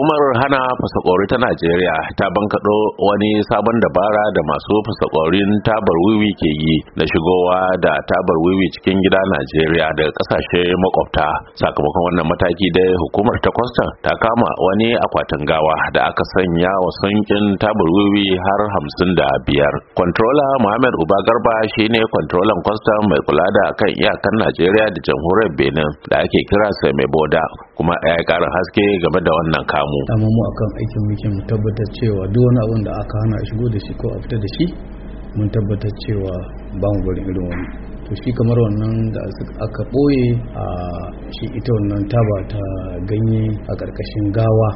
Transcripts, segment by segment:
hukumar hana fasakori ta najeriya ta bankaɗo wani sabon dabara da masu fasakorin tabar wiwi ke yi na shigowa da tabar wiwi cikin gida najeriya daga ƙasashe makwabta sakamakon wannan mataki da hukumar ta kwastan ta kama wani akwatin gawa da aka sanya wa sankin tabar wiwi har hamsin da biyar kwantrola muhammad uba garba shi ne kwantrolan kwastan mai kula da kan iyakan najeriya da jamhuriyar benin da ake kira boda kuma ya ƙara haske game da wannan kamu mu amma mu akan aikin muke mu tabbatar cewa duk wani abin da aka hana shigo da shi ko a fita da shi mun tabbatar cewa ba mu bari irin wani to shi kamar wannan da aka ɓoye a shi ita wannan taba ta ganye a ƙarƙashin gawa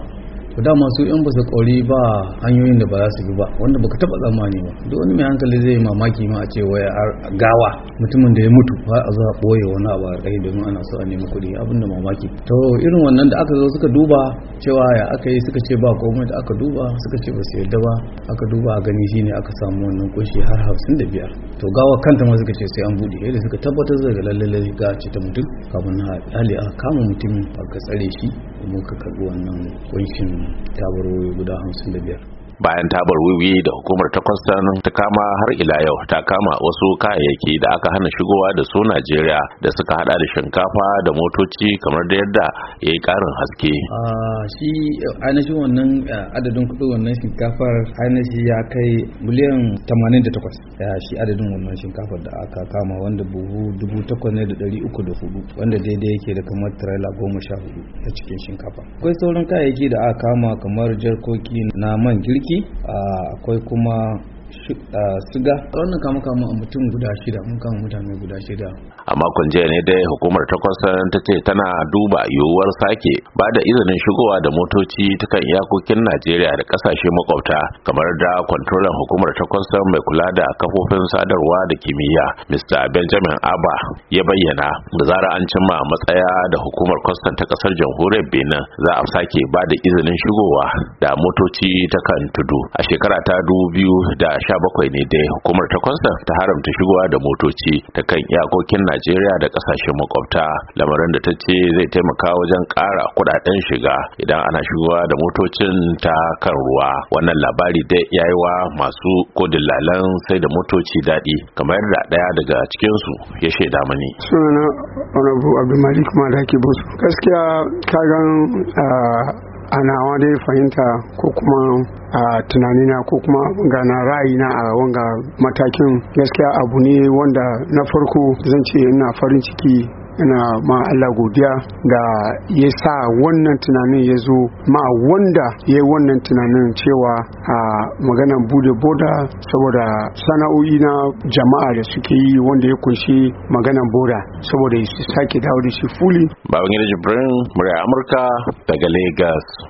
ku dama su yan su kori ba hanyoyin da ba za su bi ba wanda baka taba zamani ba duk wani mai hankali zai mamaki ma a ce waya gawa mutumin da ya mutu ba a zuwa boye wani abu a kai domin ana so a nemi kuɗi abin da mamaki to irin wannan da aka zo suka duba cewa ya aka yi suka ce ba komai da aka duba suka ce ba su yadda ba aka duba a gani shine aka samu wannan kunshi har hamsin da biyar to gawa kanta ma suka ce sai an buɗe yadda suka tabbatar da lalle lalle ga ce ta mutum kafin na hali aka kama mutumin aka tsare shi kuma ka karɓi wannan kunshin tabarwoyi guda hamsin da biyar bayan ta bar wiwi da hukumar ta kwastan ta kama har ila yau ta kama wasu kayayyaki da aka hana shigowa da su najeriya da suka hada da shinkafa da motoci kamar da yadda ya yi karin haske shi ainihin wannan adadin kudin wannan shinkafar ainihin ya kai miliyan 88 shi adadin wannan shinkafar da aka kama wanda buhu 8,304 wanda daidai yake da kamar tirela goma sha hudu a cikin shinkafa akwai sauran kayayyaki da aka kama kamar jarkoki na man girki ciki akwai kuma siga wannan kama kama a mutum guda shida mun kama mutane guda shida a makon jiya ne dai hukumar ta kwasan ta ce tana duba yiwuwar sake ba da izinin shigowa da motoci ta kan iyakokin najeriya da kasashe makwabta kamar da kwantolan hukumar ta kwasan mai kula da kafofin sadarwa da kimiyya mr benjamin Aba ya bayyana da zara an cimma matsaya da hukumar kwasan ta kasar jamhuriyar benin za a sake ba da izinin shigowa da motoci ta kan tudu a shekara ta dubu biyu da sha bakwai ne dai hukumar ta Constant ta haramta shigowa da motoci ta kan iyakokin Najeriya da kasashen makwabta lamarin da ta ce zai taimaka wajen ƙara kuɗaɗen shiga idan ana shigowa da motocin ta kan ruwa wannan labari dai ya masu ko dillalan sai da motoci daɗi kamar da ɗaya daga cikinsu ya shaida mani. Sunana Honorable Abdulmalik Malaki Bosu gaskiya ka kagan ah, a nawa dai fahimta ko kuma a tunanina ko kuma gana ra'ayina a wanga matakin gaskiya abu ne wanda na farko zan ce ina farin ciki ina ma Allah godiya da ya sa wannan tunanin ya zo ma wanda ya yi wannan tunanin cewa a maganan bude boda saboda sana'o'i na jama'a da suke yi wanda ya kunshi maganan boda saboda ya sake dawo da shi fuli. Babangida Jibrin, murya Amurka daga Lagos.